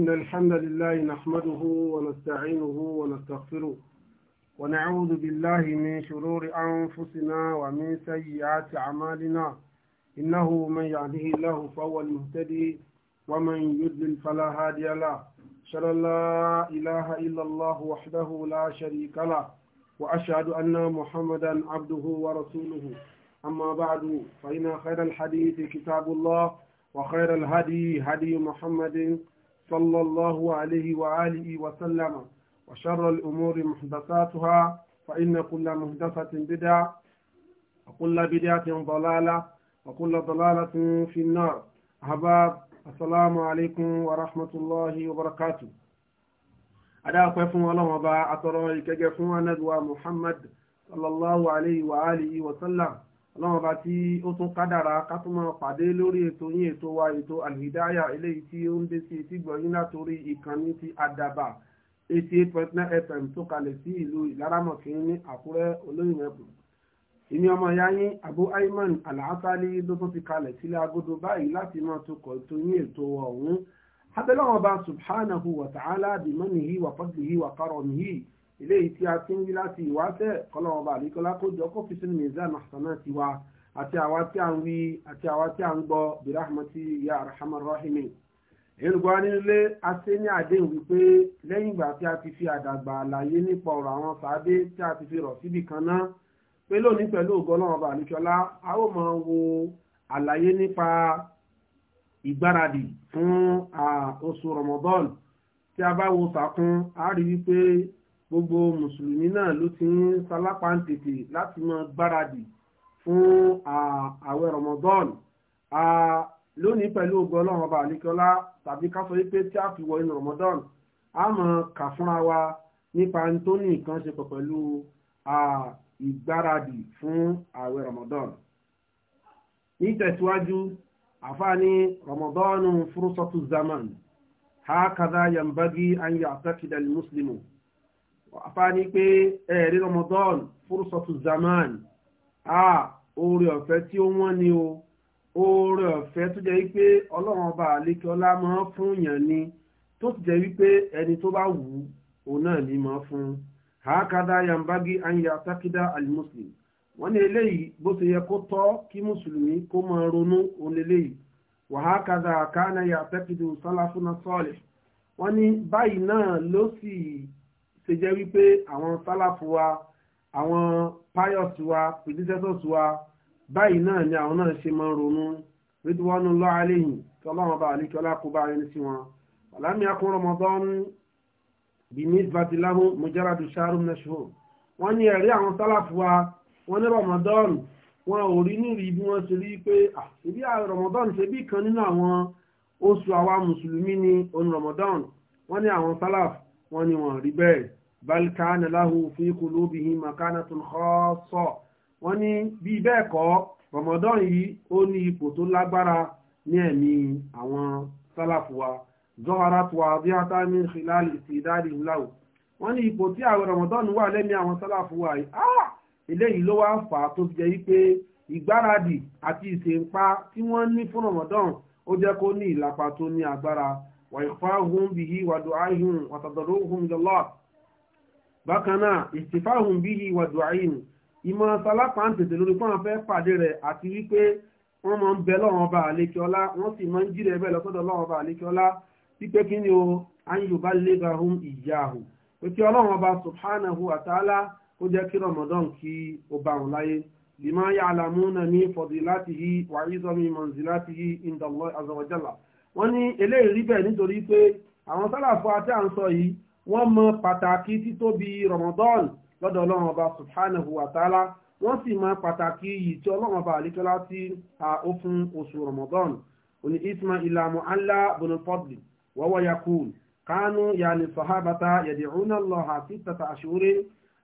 إن الحمد لله نحمده ونستعينه ونستغفره ونعوذ بالله من شرور أنفسنا ومن سيئات أعمالنا إنه من يهده الله فهو المهتدي ومن يضلل فلا هادي له أشهد أن لا إله إلا الله وحده لا شريك له وأشهد أن محمدا عبده ورسوله أما بعد فإن خير الحديث كتاب الله وخير الهدي هدي محمد صلى الله عليه وآله وسلم وشر الأمور محدثاتها فإن كل محدثة بدعة وكل بدعة ضلالة وكل ضلالة في النار أحباب السلام عليكم ورحمة الله وبركاته أدعوكم فون الله وبا أترى الكجفون ندوى محمد صلى الله عليه وآله وسلم ọlọ́run ọba tí ó tún kádàrá ká tún máa pàdé lórí ètò yín ètò wa ètò alhidaya eléyìí tí ó ń dé sí etí gbọ̀yìn látòrí ìkànnì ti àdàbà eighty eight point nine fm tó kalẹ̀ sí ìlú ìlaramọ̀kín ní àkúrẹ́ olóyìn ẹ̀bùn ìní ọmọ ìyá yín abu ayman alaasali ló tún ti kalẹ̀ sílẹ̀ agodo báyìí láti máa tukọ̀ ètò yín ètò ọ̀hún abẹ́lẹ́wọ̀n ọba subhanahu wa ta'ala bimanihi wa fadlihi wa karamihi eléyìí tí a ti ń wí láti ìwáṣẹ̀ kọ́lọ́wọ́ba àríkọ́lá kó jọ kó fi sínú mizan àṣànà tiwa àti àwa tí a ń wí àti àwa tí a ń gbọ́ birahmati ya arhamar rahimin èrùgbọ́ nílé a ṣe ní àdéhùn wípé lẹ́yìn ìgbà tí a ti fi àdàgbà àlàyé nípa ọ̀rọ̀ àwọn sàádé tí a ti fi rọ̀ síbì kan náà pé lónìí pẹ̀lú ògo Ọlọ́run a ó máa wo àlàyé nípa ìgbáradì fún oṣù Ramadan tí a bá wo sàkún a rí wípé gbogbo mùsùlùmí náà ló ti ń salápá ń tètè láti máa gbáradì fún ààwẹ̀ Ramadan lónìí pẹ̀lú ògo ọlọ́run ọba àlékọ́lá tàbí ká sọ wípé tí a fi wọ inú Ramadan a máa kà fúnra wa nípa tó ní nǹkan ṣe pọ̀ pẹ̀lú ìgbáradì fún ààwẹ̀ Ramadan nítẹ̀síwájú àfáàní Ramadan fursatu zaman hakadha yanbaghi an ya'taqida al-muslimu afá ní pé ẹ̀rí Ramadan fúrúsọ̀tù zaman a oore ọ̀fẹ́ tí ó wọ́n ni o oore ọ̀fẹ́ tó jẹ́ wípé ọlọ́run ọba àlékè ọlá máa ń fún ni tó ti jẹ́ wípé ẹni tó bá wù ú òun ni máa fún hákàdá yambagi anya takida alimuslim wọ́n ní eléyìí bó ṣe yẹ kó tọ́ kí mùsùlùmí kó máa ronú òun eléyìí wàhákàdá kánayà tẹ́kìdù sálàfúnà sọ́ọ̀lẹ̀ wọ́n ní báyìí náà ló sì ṣe jẹ́ wípé àwọn sálàfù wa àwọn pious wa predecessors wa báyìí náà ni àwọn náà ṣe máa ń ronú ridwanu lọ́ọ́ aléyìn tí ọlọ́run bá àlékí ọlá kó bá ẹni sí wọn. wàlámì akún rọmọdán bí nisbati lahum mujaradu sharum nashur wọ́n ní ẹ̀rí àwọn sálàfù wa wọ́n ní rọmọdán wọn ò rí nírí bí wọ́n ṣe rí pé àbí ah, rọmọdán ṣe bí kan nínú àwọn oṣù àwa mùsùlùmí ni òun rọmọdán wọ́n ní àwọn sálàfù wọ́n ní wọ́n rí bẹ́ẹ̀ balkan lahu fi qulubihim makanatun khassa wọ́n ní bí bẹ́ẹ̀ kọ́ Ramadan yìí ó ní ipò tó lágbára ní ẹ̀mí àwọn sálàfù wa zoharat wa abiyata min khilal istidadi lahu wọ́n ní ipò tí àwọn Ramadan wà lẹ́mí àwọn sálàfù wa yìí ah eléyìí ló wá fà á tó jẹ́ wípé ìgbáradì àti ìsèǹpa tí wọ́n ní fún Ramadan ó jẹ́ kó ní ìlàpá tó ní agbára وإخفاهم به ودعائهم وتضرعهم إلى الله بكنا استفاهم به ودعائهم إما صلاة أنت تلولكم في قدر أتيك wọ́n máa ń bẹ lọ́wọ́n ọba àlékiọlá wọ́n sì máa ń jírẹ̀ bẹ́ẹ̀ lọ́sọ́dọ̀ lọ́wọ́n ọba àlékiọlá wípé kí ni o ayélujá lébà hum ìyáhù pé kí ọlọ́wọ́n ọba subhanahu àtàlá ó jẹ́ kí ramadan kí o bá wọn láyé lima ya'lamuna min fadilatihi wa izami manzilatihi inda Allah azza wa jalla wọ́n ní eléyìí rí bẹ́ẹ̀ nítorí pé àwọn sálàfù àti à ń sọ yìí wọ́n mọ pàtàkì títóbi Ramadan lọ́dọ̀ ọlọ́run ọba subhanahu wa ta'ala wọ́n sì mọ pàtàkì yìí tí ọlọ́run ọba àlíkọ́lá tí ó fún oṣù Ramadan òní isma ilamu ala bonifodli wọ́wọ́ yakun kánú yaani sahabata yad'una allaha sittata ashhurin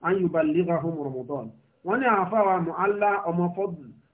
an yuballighahum Ramadan wọ́n ní àfáwà mu ala ọmọ fọ́dùlù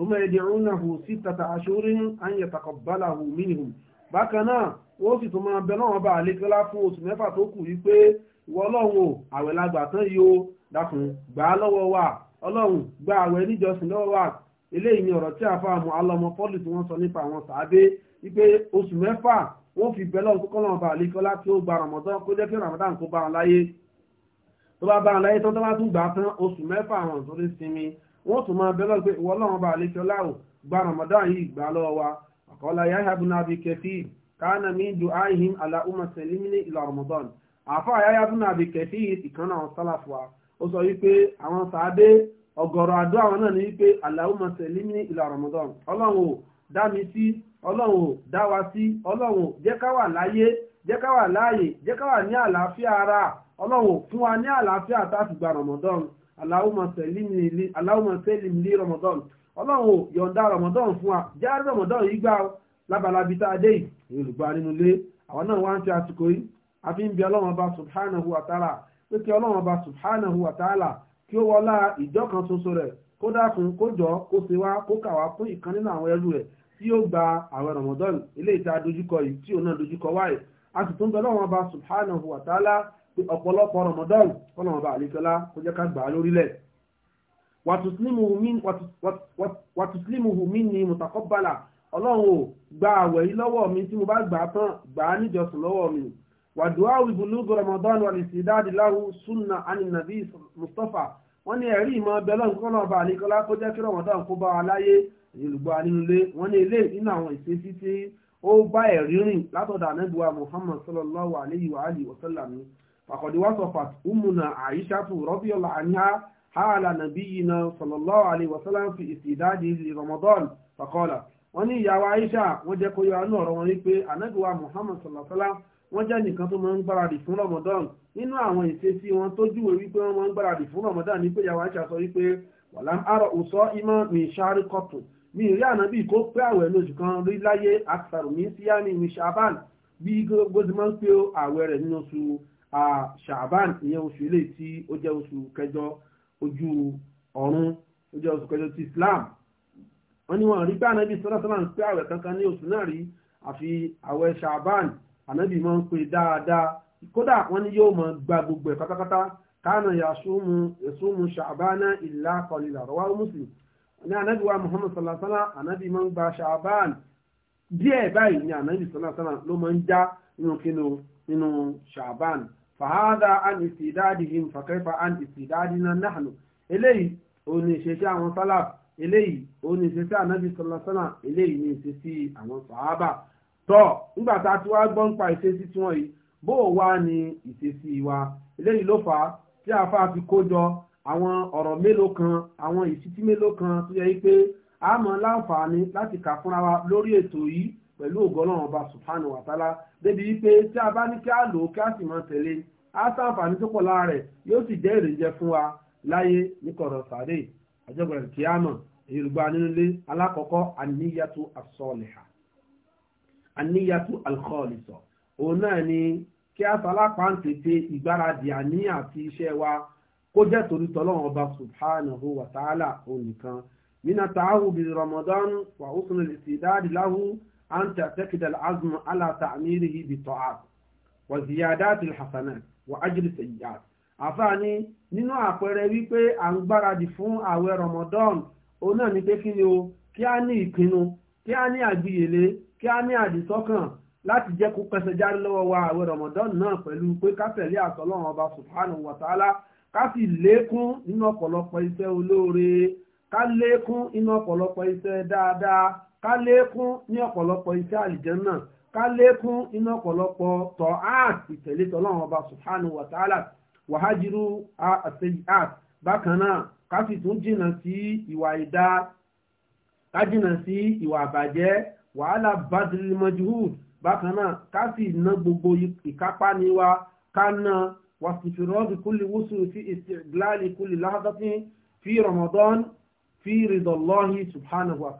ثم يدعونه ستة أشهر أن يتقبله منهم bákan náà wọ́n sì tún máa bẹ náà bá àlékọ́lá fún oṣù mẹ́fà tó kù yìí pé ìwọ ọlọ́run o àwẹ̀ la gbà tán yìí o dákun gbà á lọ́wọ́ wa ọ̀rọ̀ tí a fáwọn àmọ́ alọ́mọ pọ́lì tí wọ́n sọ nípa àwọn sàábé wípé oṣù mẹ́fà wọ́n fi bẹ lọ́run kọ́kọ́ bá àlékọ́lá tí ó gba Ramadan kó jẹ́ kí Ramadan kó bá wọn láyé tó bá bá wọn láyé tán tó bá tún gbà tán oṣù mẹ́fà àwọn ìtòrí wọ́n tún máa bẹ́lọ́ pé ìwọ ọlọ́run bá àlejò láwò gba Ramadan yìí gbà lọ́wọ́ wa àkọọ́lá Yahya ibn Abi Kathir kana min du'aihim ala umma salimini ila Ramadan àfa Yahya ìkànnà sọ wípé àwọn sàádé ọ̀gọ̀rọ̀ àdó àwọn náà ní wípé ila Ramadan ọlọ́run dá mi sí ọlọ́run dá ara aláwùmọ̀ sẹ́lìm ní ramadan ọlọ́run ò yọ̀ǹda ramadan fún wa já ramadan yìí gbà lábalábí tá a dé yìí olùgbà nínú ilé àwọn náà wá ń fi àsìkò yìí àfi ń bi ọlọ́run ọba subhanahu wa ta'ala pé kí ọlọ́run ọba subhanahu wa ta'ala kí ó wọlá ìjọ kan ṣoṣo rẹ̀ kó dákun kó jọ kó ṣe wá kó kà wá fún ìkan nínú àwọn ẹrú rẹ̀ tí yóò gba àwọn ramadan eléyìí tá a dojúkọ yìí tí òun náà dojúkọ wáyé a sì tún bẹ ọlọ́run ọba subhanahu wa ta'ala pé ọ̀pọ̀lọpọ̀ Ramadan kọ́nà ọba àlejọ́lá kó jẹ́ ká gbà á lórílẹ̀ wàtúsílímùhù mí ni mùtàkọ́bàlà ọlọ́run ò gba àwẹ̀ yìí lọ́wọ́ mi tí mo bá gbà á tán gbà á níjọsìn lọ́wọ́ mi wàdùá ìbùlùgọ̀ Ramadan wà lè sì dáàdì láhùn súnà ànínàbí Mustafa wọ́n ní ẹ̀rí ìmọ̀ ọbẹ̀ lọ́n kọ́nà ọba àlejọ́lá kó jẹ́ kí Ramadan kó bá wa láyé ìlúgbà nínú ilé wọ́n ní ilé nínú àwọn ìṣesí tí ó bá ẹ̀rí rìn látọ̀dọ̀ ànábì wa Muhammad sallallahu alayhi wa alihi wa sallam فقد وصفت أمنا عائشة رضي الله عنها حال نبينا صلى الله عليه وسلم في استعداده لرمضان فقال wọ́n ní ìyàwó Aisha wọ́n jẹ́ kó yọ anú ọ̀rọ̀ wọn wípé anẹ́gbẹ̀wá Muhammad sallasala wọ́n jẹ́ nìkan tó máa ń gbáradì fún Ramadan nínú àwọn ìṣesí wọn tó júwe wípé wọ́n máa ń gbáradì fún Ramadan ní pé ìyàwó Aisha sọ wípé wàlá bí gbogbo ti máa ń pé àwẹ̀ rẹ̀ nínú oṣù ṣàbán ìyẹn oṣù ilé tí ó jẹ́ oṣù kẹjọ ojú ọ̀run ó jẹ́ oṣù kẹjọ ti Islam wọ́n ní wọ́n rí pé ànábì sọ́dọ̀sọ́dọ̀ ń pé àwẹ̀ kankan ní oṣù náà rí àfi àwẹ̀ ṣàbán ànábì máa ń pè dáadáa kódà wọ́n ní yóò máa gba gbogbo ẹ̀ pátápátá kánà yasumu yasumu ṣàbánà ìlà kọlìlà rọwá Muslim ní ànábì wa Muhammad sallallahu alaihi wasallam ànábì máa ń gba ṣàbán díẹ̀ báyìí ni ànábì sallallahu alaihi wasallam ló máa ń já nínú kínú nínú ṣàbán fàhádà an ìsìdáàdì him fàkẹ́fà an ìsìdáàdì náà náhànù eléyìí òun ni ìṣesí àwọn sálàf eléyìí òun ni ìṣesí ànábì sọlọsọlà eléyìí ni ìṣesí àwọn sàhábà tọ nígbà tá a ti wá gbọ́ nípa ìṣesí tí wọ́n yìí bó o wá ní ìṣesí wa eléyìí ló fà á tí a fà fi kó jọ àwọn ọ̀rọ̀ mélòó kan àwọn ìṣítí mélòó kan tó yẹ pé a láǹfààní láti kà fúnra wa lórí ètò yìí pẹ̀lú ògo Ọlọ́run ọba subhanahu wa ta'ala débi wípé tí a bá ní kí á lò ó kí á sì máa tẹ̀lé á sàǹfààní tó pọ̀ lára rẹ̀ yóò sì jẹ́ èrè jẹ fún wa láyé ní kọ̀rọ̀ sàárè àjọgbọ̀rẹ̀ kíámọ̀ yorùbá nínú ilé alákọ̀ọ́kọ́ àníyàtú as-saliha àníyàtú al-khalisa òun náà ni kí á salápá ń tètè ìgbáradì àníyàn àti iṣẹ́ wa kó jẹ́ torí tọ́lọ́run ọba أن تعتقد العزم على تعميره بالطاعات وزيادات الحسنات وأجر السيئات àfààní nínú àpẹẹrẹ wípé à ń gbáradì fún ààwẹ̀ Ramadan òun náà ni pé kí ni o kí a ní ìpinnu kí a ní àgbìyèlé kí a ní àdìsọ́kàn láti jẹ́ kó pẹsẹ̀ járe lọ́wọ́ wa ààwẹ̀ Ramadan náà pẹ̀lú pé ká tẹ̀lé àtọ́lọ́run ọba subhanahu wa ta'ala ká sì lékún nínú ọ̀pọ̀lọpọ̀ iṣẹ́ olóore ká lékún nínú ọ̀pọ̀lọpọ̀ iṣẹ́ dáadáa ká lékún ní ọ̀pọ̀lọpọ̀ iṣẹ́ àlìjẹ́nà ká lékún ní ọ̀pọ̀lọpọ̀ tọ́ art ìtẹ̀lé tọ́lọ́run ọba subhanahu wa ta'ala wàhájírú àṣeyí art bákan náà ká sì tún jìnnà sí ìwà ìdá ká jìnnà sí ìwà àbàjẹ́ wàhálà badril majhud bákan náà ká sì ná gbogbo ìkápá ni wa ká ná wàsífìrọ́ọ̀dì kúlì wúsù fi ìsìgbìláàlì kúlì láhàtàtì fi Ramadan fi ridọ̀lọ́hì subhanahu wa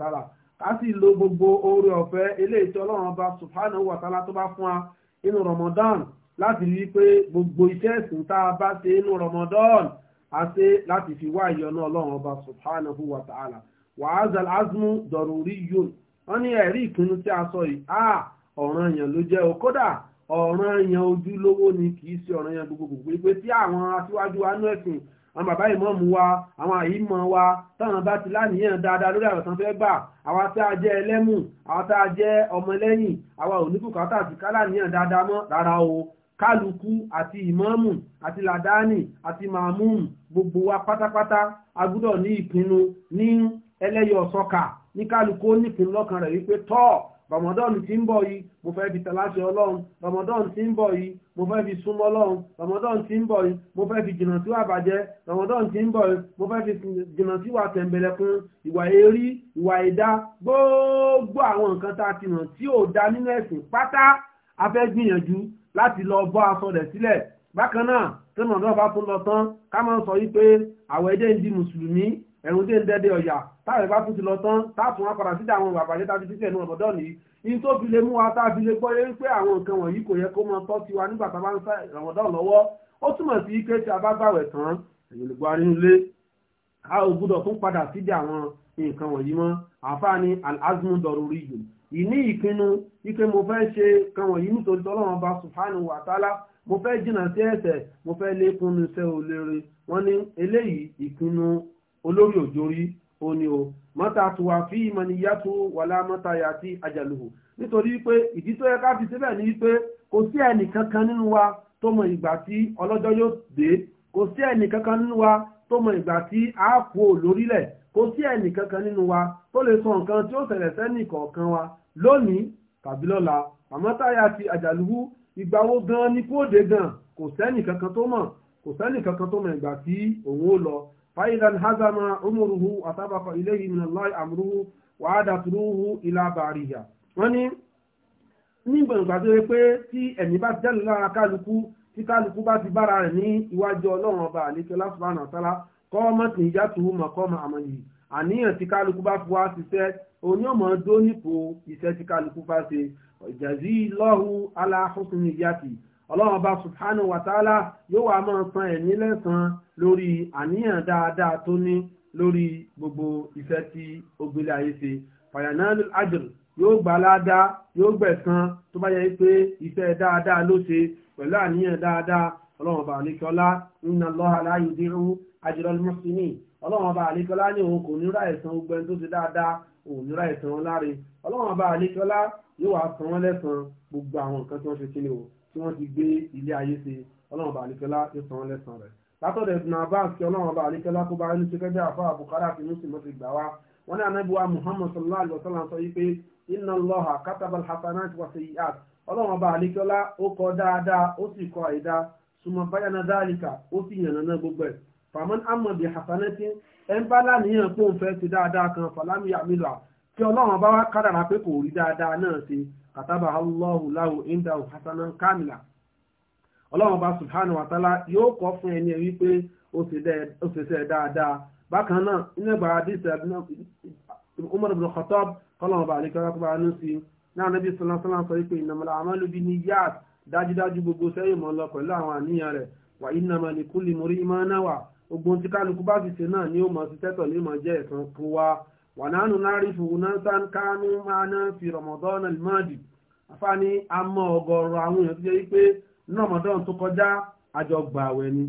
ká sì lo gbogbo oore ọ̀fẹ́ eléyìí tí ọlọ́run ọba subhanahu wa ta'ala tó bá fún wa nínú Ramadan láti rí i pé gbogbo iṣẹ́ ìsìn tá a bá ṣe nínú Ramadan a ṣe láti fi wá ìyọ́nú ọlọ́run ọba subhanahu wa ta'ala wàhazal azmu dọ̀rùrí yòn wọ́n ní ẹ̀rí ìpinnu tí a sọ yìí a ọ̀ràn èèyàn ló jẹ́ o kódà ọ̀ràn èèyàn ojúlówó ni kì í ṣe ọ̀ràn èèyàn gbogbogbò pé tí àwọn aṣíwájú wa nú ẹ̀sìn àwọn bàbá ìmọ̀ọ́mù wa àwọn àyímọ̀ wa táwọn bá ti láníyàn dáadáa lórí àwọn tán fẹ́ gbà àwa tá a jẹ́ ẹlẹ́mù àwa tá a jẹ́ ọmọlẹ́yìn àwa ò ní bùkátà sí káláníyàn dáadáa mọ́ rárá o kálukú àti ìmọ̀ọ́mù àti làdáánì àti màmúùmù gbogbo wa pátápátá a gbúdọ̀ ní ìpinnu ní ẹlẹ́yọ̀ sọ́kà ní kálukú ó nípinnu lọ́kàn rẹ̀ wípé tọ́ọ̀ ramadan tí ń bọ̀ yìí mo fẹ́ fi tẹ̀láṣẹ ọlọ́run ramadan tí ń bọ̀ yìí mo fẹ́ fi súnmọ́ ọlọ́run ramadan tí ń bọ̀ yìí mo fẹ́ fi jìnnà síwà bàjẹ́ ramadan tí ń bọ̀ yìí mo fẹ́ fi jìnnà síwà tẹ̀m̀bẹ̀lẹ̀kun ìwà èrí ìwà ìdá gbogbo àwọn nǹkan tá a ti hàn tí ò da nínú ẹ̀sìn pátá a fẹ́ gbìyànjú láti lọ bọ́ aṣọ rẹ̀ sílẹ̀ bákan náà tẹ́nà náà bá tún lọ tán ká máa sọ yí pé àwẹ̀dẹ́ ń di mùsùlùmí ẹ̀rùn dé ń dẹ́dẹ́ ọ̀yà táwọn ìbá tún ti lọ tán táàtún wá padà sídà àwọn bàbá létà títí ẹ̀nu ọ̀bọ̀dọ́ ni in tó fi lè mú wa tá a fi lè gbọ́ kò yẹ kó mọ tọ́ tiwa nígbà tá a bá ń sá ìrànwọ́dọ́ lọ́wọ́ ike tí a bá gbàwẹ̀ tán èyí olùgbọ́ a ò gbúdọ̀ tún padà sídà àwọn nǹkan wọ̀nyí mọ́ àfáàní alazmu dọ̀rọ̀rí yìí ìní ìpinnu ike mo fẹ́ ṣe kan wọ̀nyí nítorí wa ta'ala mo fẹ́ jìnnà sí mo fẹ́ lékún olórí òjòrí ó ní o mọ́ta tó wà fí ìmọ̀ ni ìyá tó wà lá mọ́ta yà tí àjàlùhù nítorí pé ìdí tó yẹ ká fi síbẹ̀ ni pé kò sí ẹnì kankan nínú wa tó mọ ìgbà tí ọlọ́jọ́ yóò dé kò sí ẹnì kankan nínú wa tó mọ ìgbà tí a fò lórílẹ̀ kò sí ẹnì kankan nínú wa tó lè sọ nǹkan tí ó ṣẹlẹ̀ sẹ́nì kọ̀ọ̀kan wa lónìí tàbí lọ́la àmọ́ta yà tí àjàlùhù ìgbà wo gan ni kó فإذا انهزم عمره أطبق إليه من الله أمره وعادت روحه إلى بارها wọ́n ní nígbà ìgbà tó yẹ pé tí ẹ̀mí bá ti jáde lára kálukú tí kálukú bá ti bára rẹ̀ ní iwájú ọlọ́run ọba àlékè subhanahu wa ta'ala kọ́ ọmọ tì í yàtò mọ̀kọ́mọ àmọ́ yìí àníyàn tí kálukú bá fi wá ṣiṣẹ́ òní ọmọ dó nípò iṣẹ́ tí kálukú bá ṣe jazillahu ala husni niyyati ọlọ́run ọba subhanahu wa ta'ala yóò wá máa san ẹ̀mí lẹ́san lórí àníyàn dáadáa tó ní lórí gbogbo iṣẹ́ tí ó gbélé ayé ṣe fayanal ajr yóò gbà ládàá yóò gbẹ̀san tó bá yẹ pé iṣẹ́ dáadáa ló ṣe pẹ̀lú àníyàn dáadáa ọlọ́run ọba àlékọ́lá inna Allaha la yudi'u ajral muhsinin ọlọ́run ọba àlékọ́lá ní òun kò nírà ẹ̀san gbogbo ẹni tó ṣe dáadáa òun nírà ẹ̀san láre ọlọ́run ọba àlékọ́lá yóò wá san wọ́n lẹ́san gbogbo àwọn nǹkan tí wọ́n ṣe kí ni o tí wọ́n ti gbé ilé ayé ṣe ọlọ́run bá àlekẹ́lá yóò san lẹ́san rẹ̀ látọ̀dọ̀ ìbùnà ọla kí ọlọ́run bá àlekẹ́lá kó bá ẹni ṣe kẹ́jẹ́ àfa àbùkárà àti muslim ti gbà wá wọn ní anábíwá muhammad sallallahu alayhi sọ yìí pé inna allaha kataba alhasanat ọlọ́run kọ dáadáa ó sì kọ àìdá ó sì kataba Allahu lahu indahu hasanan kamila ọlọ́run ọba subhanahu wa ta'ala yóò kọ fún ẹni wípé ó ṣe ṣe dáadáa bákan náà nígbà àdìsẹ́ Umar ibn Khattab kọ́lọ́run ọba àlekọ́lá kọ́ba anú sí náà níbi sọlọ́sọlá sọ wípé dájúdájú gbogbo sẹ́yìn mọ́ lọ pẹ̀lú àwọn àníyàn rẹ̀ wà ogun tí kálukú bá ṣe náà ni ó mọ̀ sí tẹ́tọ̀ ní jẹ́ ẹ̀sán fún wànánù nárífù náà kánú máa ná fi rọmọdọ́nà ìmáàdì afáàní amọ̀ ọgọ́rọ̀ àwọn èèyàn tó jẹ́ wípé rọmọdọ́n tó kọjá àjọ gbààwẹ̀ ni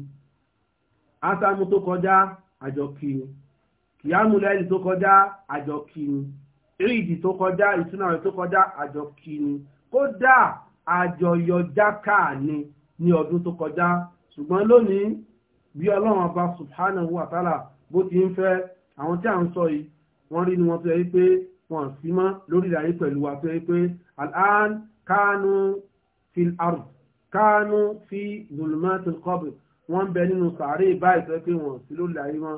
ásámù tó kọjá àjọ kìíní kìámù lẹ́yìn tó kọjá àjọ kìíní ríìdì tó kọjá ìtúná tó kọjá àjọ kìíní kódà àjọyọ̀ jákà ni ní ọdún tó kọjá ṣùgbọ́n lónìí bí ọlọ́run ọba subhanahu wa ta'ala bó ti ń fẹ́ àwọn tí à ń sọ yìí wọ́n rí ni wọ́n fẹ́ pé wọ́n sì mọ́ lórí ìdarí pẹ̀lú wa fẹ́ pé al'an kánú fi àrùn kánú fi zulmatil qabr wọ́n bẹ nínú sàárè báyìí fẹ́ pé wọ́n sí lórí ìdarí wọn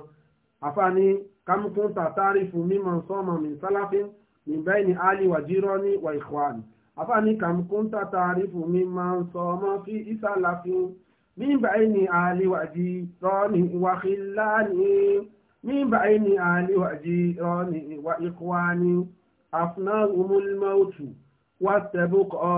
àfààní kámukún tàtàrí fún mímọ̀ sọ́mọ̀ min sálàfin min bayni ali wa jirani wa ikhwan àfààní kámukún tàtàrí fún mímọ̀ sọ́mọ̀ fi ìsàlàfin min bayni ali wa jirani wa khilani. من بين أهلي وجيراني وإخواني أفناهم الموت واستبقى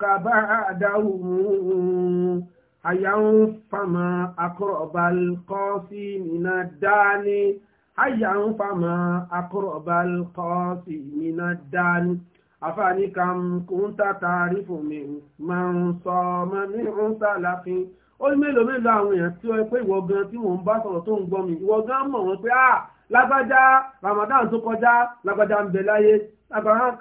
كبعدهم حيا فما أقرب القاسي من الداني حيا فما أقرب القاسي من الداني أفاني كم كنت تعرف من من صام من سلف ó ní mélòó mélòó àwọn èèyàn tí wọ́n pé ìwọ gan tí mò bá sọ̀rọ̀ tó ń gbọ́ mi ìwọ gan mọ̀ wọ́n pé ah lágbájá Ramadan tó kọjá lágbájá ń bẹ láyé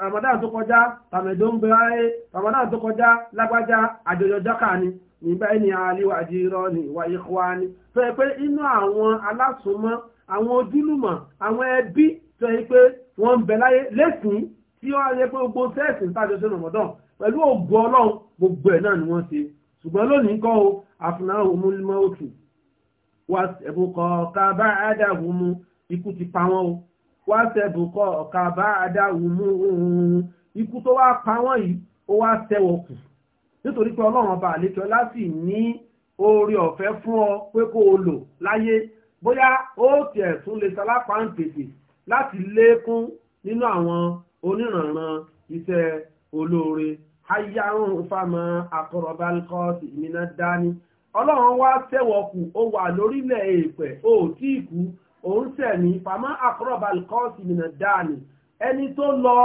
Ramadan tó kọjá tàmẹ̀dó ń bẹ láyé Ramadan tó kọjá lágbájá àjọyọ̀ jákà ni nígbà ẹni àlewàjì irọ́ ni ìwà ìkọ́ ni tó yẹ pé inú àwọn alásùnmọ́ àwọn ojúlùmọ̀ àwọn ẹbí tó yẹ pé wọ́n ń bẹ láyé lẹ́sìn tí wọ́n yẹ pé gbogbo sẹ́ẹ̀sì ń tàjọ sínú Ramadan pẹ̀lú ògùn Ọlọ́run gbogbo ẹ̀ náà ni wọ́n ṣe ṣùgbọ́n lónìí kọ́ o afunáhùnmú mọ́ọ̀tù wá ẹ̀bùkọ̀ ọ̀ka bá àdáhùnmú ikú ti pa wọ́n o wá ṣẹ̀bùkọ̀ ọ̀ka bá àdáhùnmú òun ikú tó wá pa wọ́n yìí ó wá tẹ́wọ̀ kù nítorí pé ọlọ́run ọba àlékẹ́ láti ní oore ọ̀fẹ́ fún ọ pé kó o lò láyé bóyá ó tiẹ̀ tún lè salápá ń tètè láti lékún nínú àwọn oníranran iṣẹ́ olóore ayáhùn fámọ́ akọrọ̀bálkọ́ sí ìmìnà dání ọlọ́run wá tẹ́wọ̀kù ó wà lórílẹ̀ èèpẹ̀ ó tí ìkú òun sẹ̀mí fámọ́ akọrọ̀bálkọ́ sí ìmìnà dání ẹni tó lọ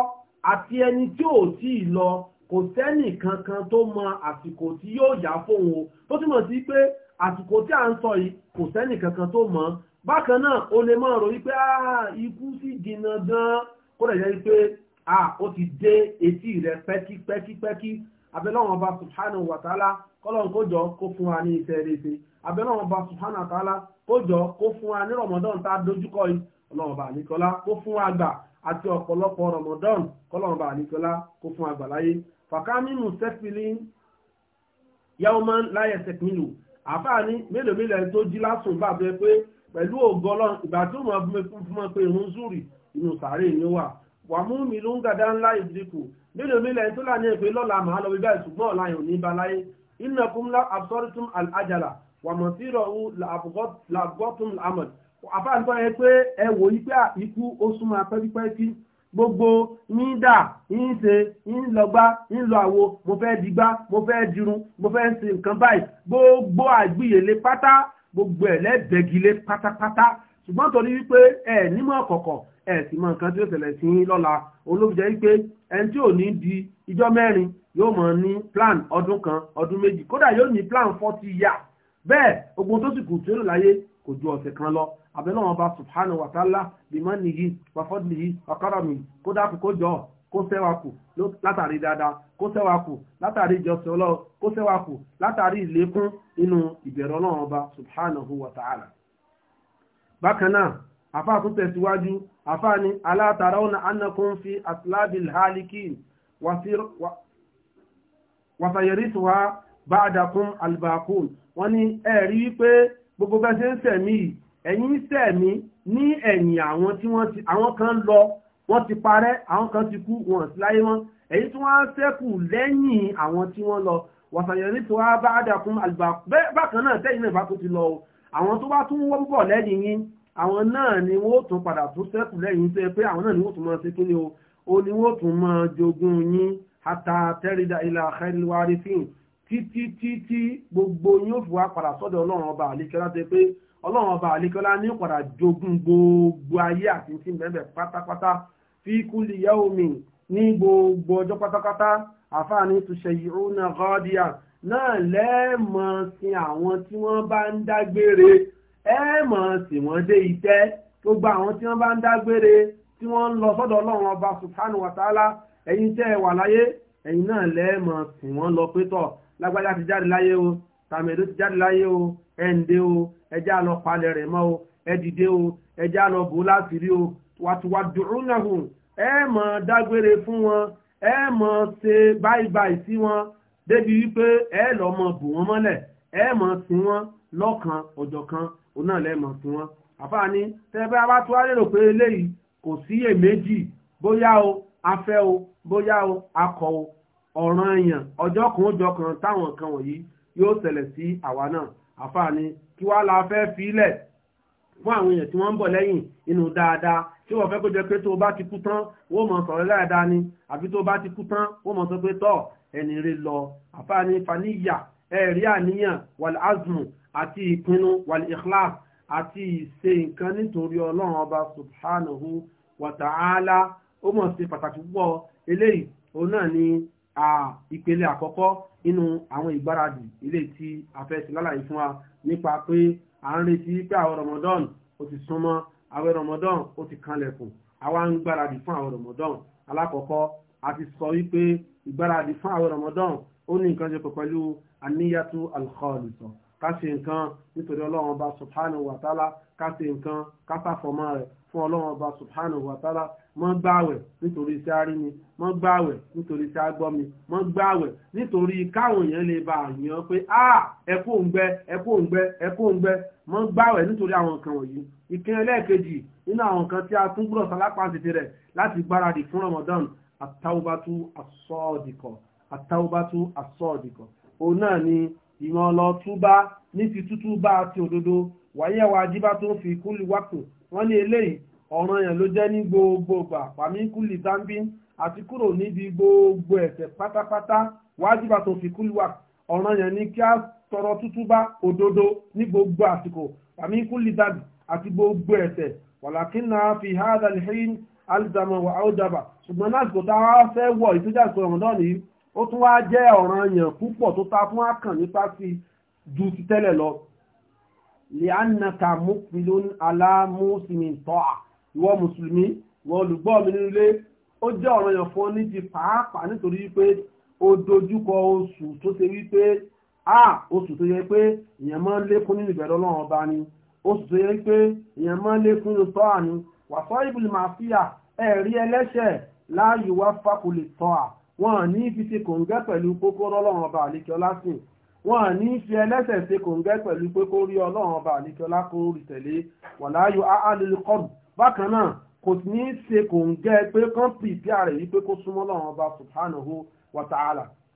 àti ẹni tí ò tí ì lọ kò sẹ́nì kankan tó mọ àsìkò tí yóò yá fóun o tó túmọ̀ sí pé àsìkò tí à ń sọ yìí kò sẹ́nì kankan tó mọ̀ bákan náà o lè máa rò wípé ah, ikú sì jìnnà gan kó lè jẹ́ wípé a ó ti dé etí rẹ pẹ́kí pẹ́kí pẹ́kí abẹ́lọ́wọ̀n ọba subhanahu wa ta'ala kọ́lọ́n kó jọ kó fún wa ní iṣẹ́ rere abẹ́lọ́wọ̀n ọba subhanahu wa ta'ala kó jọ kó fún wa ní rọmọdán tá a dojúkọ yìí ọlọ́run ọba àníkọ́lá kó fún wa gbà àti ọ̀pọ̀lọpọ̀ rọmọdán kọ́lọ́run ọba àníkọ́lá kó fún wa gbà láyé fàkámínú sẹ́fìlì yàwùmọ́ láyẹ̀ sẹ́fìlì àfáàní mélòó mélòó ẹni tó jí lásùn bá bẹ pé pẹ̀lú ògọ́lọ́ ìgbà tó mọ̀ fún mọ́ pé irun zúrì inú sàárè ni ó wà wàmú mi ló ń gàdá ńlá ìdíkù nílò mi lẹ́yìn tó láàánú èpè lọ́la màá lọ bíbá ìṣùgbọ́n ọ̀la yòó ní baláyé iná kún lá absortum al-ajala wàmọ̀ sí ìrọ̀hún làbọ́tum amọ̀ àfáàntọ́ yẹn pé ẹ wò yí pé ikú ó súnmọ́ apẹ́kípẹ́kí gbogbo yín dà yín ṣe yín lọ́gbá yín lọ àwo mo fẹ́ digbá mo fẹ́ dirun mo fẹ́ ṣe nǹkan báyìí gbogbo àgbìyèlé pátá gbogbo ẹ̀ lẹ́bẹ̀gilé pátápátá ṣùgbọ́n torí wípé ẹ nímọ̀ kọ̀kọ̀ ẹ sì mọ nǹkan tí ó ṣẹlẹ̀ sí lọ́la olóòjẹ́ wípé ẹni tí ò ní di ijọ́ mẹ́rin yóò mọ̀ ní plan ọdún kan ọdún méjì kódà yóò ní plan forty years bẹ́ẹ̀ ogun tó sì kù tí ó lò láyé kò ju ọ̀sẹ̀ kan lọ abẹ́lẹ́ wọn bá subhanahu wa ta'ala bímọ nìyí wàfọ́dìlì ọ̀kọ́rọ̀mì kódà kò kó jọ kó sẹ́wà kù látàrí dáadáa kó sẹ́wà kù látàrí ìjọsìn ọlọ́run kó sẹ́wà kù látàrí ìlékún nínú ìbẹ̀rẹ̀ ọlọ́run ọba subhanahu wa ta'ala. bákan náà àfáà tó tẹ̀síwájú àfáà ni alátara ọ̀nà anakun fi aslabil halikin wàsàyẹ̀rìsùwà ba'dakum albakun wọ́n ní ẹ̀rí wípé gbogbo bẹ́ẹ̀ ṣe ń sẹ̀mí ẹ̀yìn sẹ̀mí ní ẹ̀yìn àwọn tí wọ́n ti àwọn kan lọ wọ́n ti parẹ́ àwọn kan ti kú wọn sí láyé mọ́ èyí tí wọ́n á ṣẹ́kù lẹ́yìn àwọn tí wọ́n lọ wàsàyẹ̀rìsùwà ba'dakum albakun bákan náà tẹ́yìn náà bá tó ti lọ àwọn tó bá tún wọ́n bọ̀ lẹ́yìn yín àwọn náà ni wọ́n tún padà tún sẹ́kù lẹ́yìn tó yẹ pé àwọn náà ni wọ́n tún máa ṣe kí ni o ó ní wọ́n tún máa jogún yín hata tẹ́rìdà ilà àkẹ́rìwárí fíìn títí títí gbogbo yín ó fi wá padà sọ́dọ̀ ọlọ́run ọba àlekẹ́lá tó yẹ pé ọlọ́run ọba àlekẹ́lá ní padà jogún gbogbo ayé àti tí bẹ́ẹ̀ pátápátá fi kúlì yaomi ní gbogbo ọjọ́ pátápátá àfáàní túnṣe ìrúnà gọ́díà náà lẹ́ẹ̀mọ́ sí àwọn tí wọ́n bá ẹ mọ̀ sí wọ́n dé ìtẹ́ gbogbo àwọn tí wọ́n bá ń dágbére tí wọ́n ń lọ sọ́dọ̀ ọlọ́run ọba subhanahu wa ta'ala ẹ̀yin tẹ́ ẹ wà láyé ẹ̀yin náà lẹ́ mọ̀ wọ́n lọ pé tọ̀ lágbájá ti jáde láyé o tàmẹ̀dó ti jáde láyé o ẹ̀ ń dé o ẹjá lọ palẹ̀ rẹ̀ mọ́ o ẹ dìde o ẹjá lọ bò láti rí o wàtúwà dùrúnàhùn ẹ mọ̀ dágbére fún wọn ẹ mọ̀ ṣe báyìí sí wọn débi wípé ẹ lọ́ mọ̀ bò wọ́n mọ́lẹ̀ ẹ òun náà lẹ́mọ̀ fún wọn àfáà ní tẹ́gbẹ́ bá tó wá lérò pé eléyìí kò sí èméjì bóyá o afẹ́ o bóyá o akọ̀ o ọ̀ràn èèyàn ọjọ́ kan ó jọkàn táwọn kan wọ̀nyí yóò ṣẹlẹ̀ sí àwa náà àfáà ní kí wá la fẹ́ filẹ̀ fún àwọn èèyàn tí wọ́n ń bọ̀ lẹ́yìn inú dáadáa tí wọ́n fẹ́ kó jẹ́ pé tó bá ti kú tán wọ́n mọ̀ sọ̀rọ̀ dáadáa ni àbí tó bá ti kú tán wọ́n mọ̀ sọ pé tọ́ ẹni rẹ lọ àfáà faníyà ẹ̀rí àníyàn wàlázmù àti ìpinnu wal ikhlas àti ìṣe nǹkan nítorí ọlọ́run ọba subhanahu wa ta'ala ó mọ̀ sí pàtàkì púpọ̀ eléyìí òun náà ni ìpele àkọ́kọ́ nínú àwọn ìgbáradì ilé tí a fẹ́ sí lálàyé fún wa nípa pé à ń retí pé àwọn Ramadan ó ti súnmọ́ àwọn Ramadan ó ti kanlẹ̀kùn àwa ń gbáradì fún àwọn Ramadan alákọ̀ọ́kọ́ a ti sọ wípé ìgbáradì fún àwọn Ramadan ó ní nǹkan ṣe pọ̀ pẹ̀lú àníyàtú alkhalisọ ká ṣe nǹkan nítorí ọlọ́run ọba subhanahu wa ta'ala ká ṣe nǹkan ká sàfọ̀mọ́ rẹ̀ fún ọlọ́run ọba subhanahu wa ta'ala mọ́ gbààwẹ̀ nítorí iṣẹ́ arí mi mọ́ gbààwẹ̀ nítorí iṣẹ́ agbọ́ mi mọ́ gbààwẹ̀ nítorí káwọn èèyàn lè bá àyàn pé a ẹkú òǹgbẹ ẹkú òǹgbẹ ẹkú òǹgbẹ mọ́ gbààwẹ̀ nítorí àwọn nǹkan wọ̀nyí ìkíni ẹlẹ́ẹ̀kejì nínú àwọn nǹkan tí a tún gbúdọ̀ sálápá tètè rẹ̀ láti gbáradì fún Ramadan àtàwùbátú àsọ̀ọ̀dìkọ̀ àtàwùbátú àsọ̀ọ̀dìkọ̀ òun náà ni ìran lọ túbá ní ti tútú bá àti òdodo wáyé wa jíbá tó fi kúlì wákò wọ́n ní yẹn ló jẹ́ ní gbogbo gbà pàmí kúlì zambi àti kúrò níbi gbogbo ẹsẹ pátápátá wájíbá tó fi kúlì wákò ọ̀ràn yẹn ní kí á tọrọ tútú bá gbogbo àsìkò pàmí kúlì àti gbogbo fi ṣùgbọ́n ó tún wá jẹ́ ọ̀ràn yàn púpọ̀ tó ta fún àkàn nípa sí ju ti tẹ́lẹ̀ lọ li'annaka muqbilun ala muslimin ta'a ìwọ mùsùlùmí ìwọ olùgbọ́ mi nílé ó jẹ́ ọ̀ràn yàn fún ọ ní ti pàápàá nítorí wípé ó dojúkọ oṣù tó ṣe wípé a oṣù tó yẹ pé èèyàn máa ń lékún nínú ìbẹ̀rẹ̀ ọlọ́run ọba ni oṣù tó yẹ pé èèyàn máa ń lékún nínú tọ́à ni wàsọ́ ìbùlùmọ̀ àfíà ẹ̀rí ẹlẹ́ṣẹ̀ láàyò wá fákulè tọ́à wọ́n ní fi ṣe kòǹgẹ́ pẹ̀lú kókóró ọlọ́run ọba àlekẹ́ ọlásìn wọ́n ní fi ẹlẹ́sẹ̀ ṣe kòǹgẹ́ pẹ̀lú kókórí ọlọ́run ọba àlekẹ́ ọlákòórì tẹ̀lé wàláyò alẹ́lẹ́kọ́rù bákan náà kò ní ṣe kòǹgẹ́ pé kán pìpì ààrẹ yìí pé kó súnmọ́ ọlọ́run ọba subhanahu wa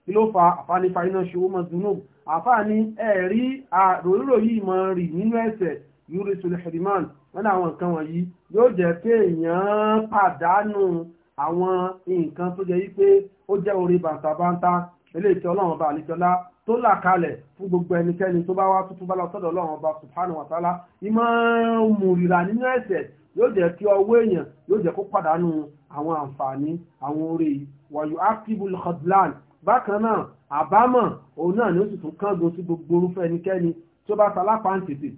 kí ló fa àfáàní fainá ṣe ó mọ dunu àfáàní ẹ̀rí àròrírò yìí mọ rì nínú ẹ̀ṣẹ̀ yorùsùlẹ̀ hẹ̀rìmán wọn àwọn nǹkan wọ̀nyí àwọn nǹkan tó jẹ́ wípé ó jẹ́ orin bàǹtàbàǹtà eléyìí tí ọlọ́run bá àlejọ́lá tó là kalẹ̀ fún gbogbo ẹnikẹ́ni tó bá wá tuntun bá lọ sọ́dọ̀ ọlọ́run ọba subhanahu wa ta'ala ìmọ̀ mùrìlà nínú ẹ̀ṣẹ̀ yóò jẹ́ kí ọwọ́ èèyàn yóò jẹ́ kó pàdánù àwọn àǹfààní àwọn orí wàyù akibul khadlan bákan náà àbámọ̀ òun náà ni ó sì tún kángun sí gbogbo orúfẹ́ ẹnikẹ́ni tó bá salápá ń tètè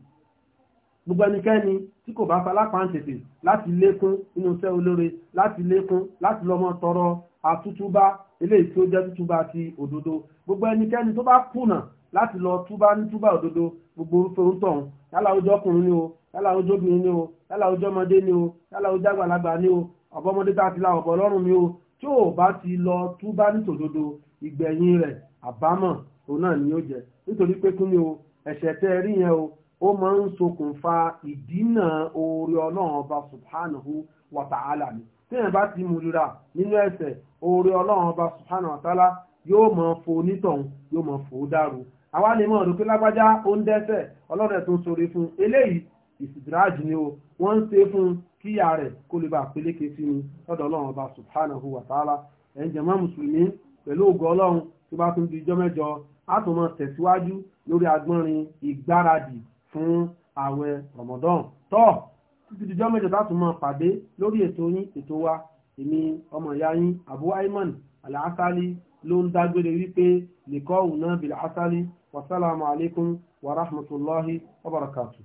gbogbo ẹnikẹ́ni tí kò bá falápá ń tètè láti lékún nínú iṣẹ́ olóore láti lékún láti lọ́mọ tọrọ àtútúbá eléyìí tí ó jẹ́ tútúbá ti òdodo gbogbo ẹnikẹ́ni tó bá kùnà láti lọ túbá ní túbá òdodo gbogbo orúfẹ́ oúntọ̀ yálà ó ọkùnrin ni o yálà ó jẹ́ obìnrin ni o yálà ó jẹ́ ọmọdé ni o yálà ó jẹ́ àgbàlagbà ni o ọ̀bọ̀mọdé tá a ti la ọ̀bọ̀ lọ́rùn ni o tí ò bá ti lọ túbá ní tòdodo ìgbẹ̀yìn rẹ̀ àbámọ̀ òun náà ni yóò jẹ́ nítorí pé kí ni o ẹ̀ṣẹ̀ tẹ́ ẹ rí yẹn o ó máa ń ṣokùnfà ìdínà oore ọlọ́run ọba subhanahu wa ta'ala ni téèyàn bá ti mú rira nínú ẹ̀ṣẹ̀ oore ọlọ́run ọba subhanahu wa ta'ala yóò máa fo onítọ̀hún yóò máa fo dáru àwa lè mọ̀ rúkú lágbájá ó ń dẹ́ṣẹ̀ ọlọ́run tó ń sọre fún eléyìí ìsìdíráàjì ni o wọ́n ń ṣe fún kíyà rẹ̀ kó lè bá peléke sí ni lọ́dọ̀ ọlọ́run ọba subhanahu wa ta'ala ẹ̀ǹjẹ̀ mọ́ mùsùlùmí pẹ̀lú ògo ọlọ́run tó bá tún di ijọ́ mẹ́jọ á tún mọ tẹ̀síwájú lórí agbọ́nrin ìgbáradì fún àwẹ̀ Ramadan tọ́ títí dijọ́ mẹ́jọ láti mọ pàdé lórí ètò yín ètò wa èmi ọmọ ìyá yín Abu Ayman Al-Asali ló ń dágbére wípé lèkọ́ òun náà asali wasalaamu alaykum wa rahmatulahi wa barakatuh.